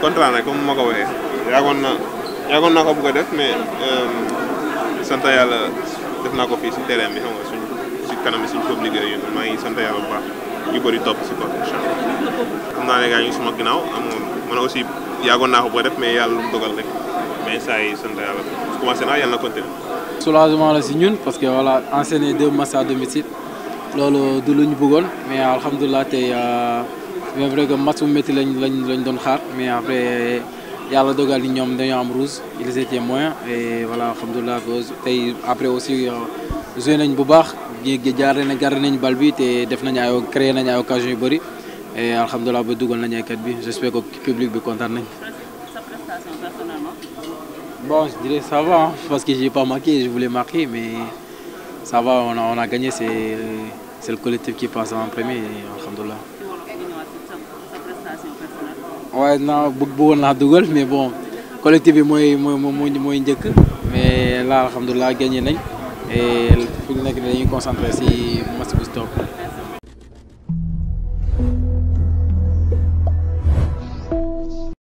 kontaan euh, rek comme ma ko waxee yaagoon na yaagoon naa ko bëgg a def mais euh, sant yàlla def naa ko fii si terrain bi xam nga suñ si kanam suñ public yooyu maa ngi sant yàlla bu baax ñu bëri topp si ko incha allah xam naa ne gaa ginnaaw am man aussi yaagoon naa ko bëgg def mais yàlla lu mu dogal rek mais saa yi sant yàlla commencé naa yàlla na continuer soulagement la si ñun parce que voilà enseigner deux matchs à loolu du lu ñu bëggoon mais alhamdulilah tey euh, bien vrai que match bu métti lañ lañ don doon xaar mais après il yàlla dogal ni ñoom dañoo am rouge ils étaient moins et voilà alhamdulilah cause après aussi euh, joué nañ bu baax jaaree na garde nañ bal bi te def nañ ay créé nañ ay occasion yu bëri et alhamdulilah ba dugal nañ ay kat bi j'espère que le public bi kontaan nañ. Bon, je dirais ça va, hein, parce que j'ai pas marqué, je voulais marquer, mais ça va, on a, on a gagné, c'est c'est le collectif qui passe en premier, et, alhamdoulilah. Ouais, non, beaucoup de gens ont mais bon, le collectif est moins indiqué. Mais là, Alhamdoulilah, gagné. Et il faut que nous nous concentrés, sur le Massibus Top.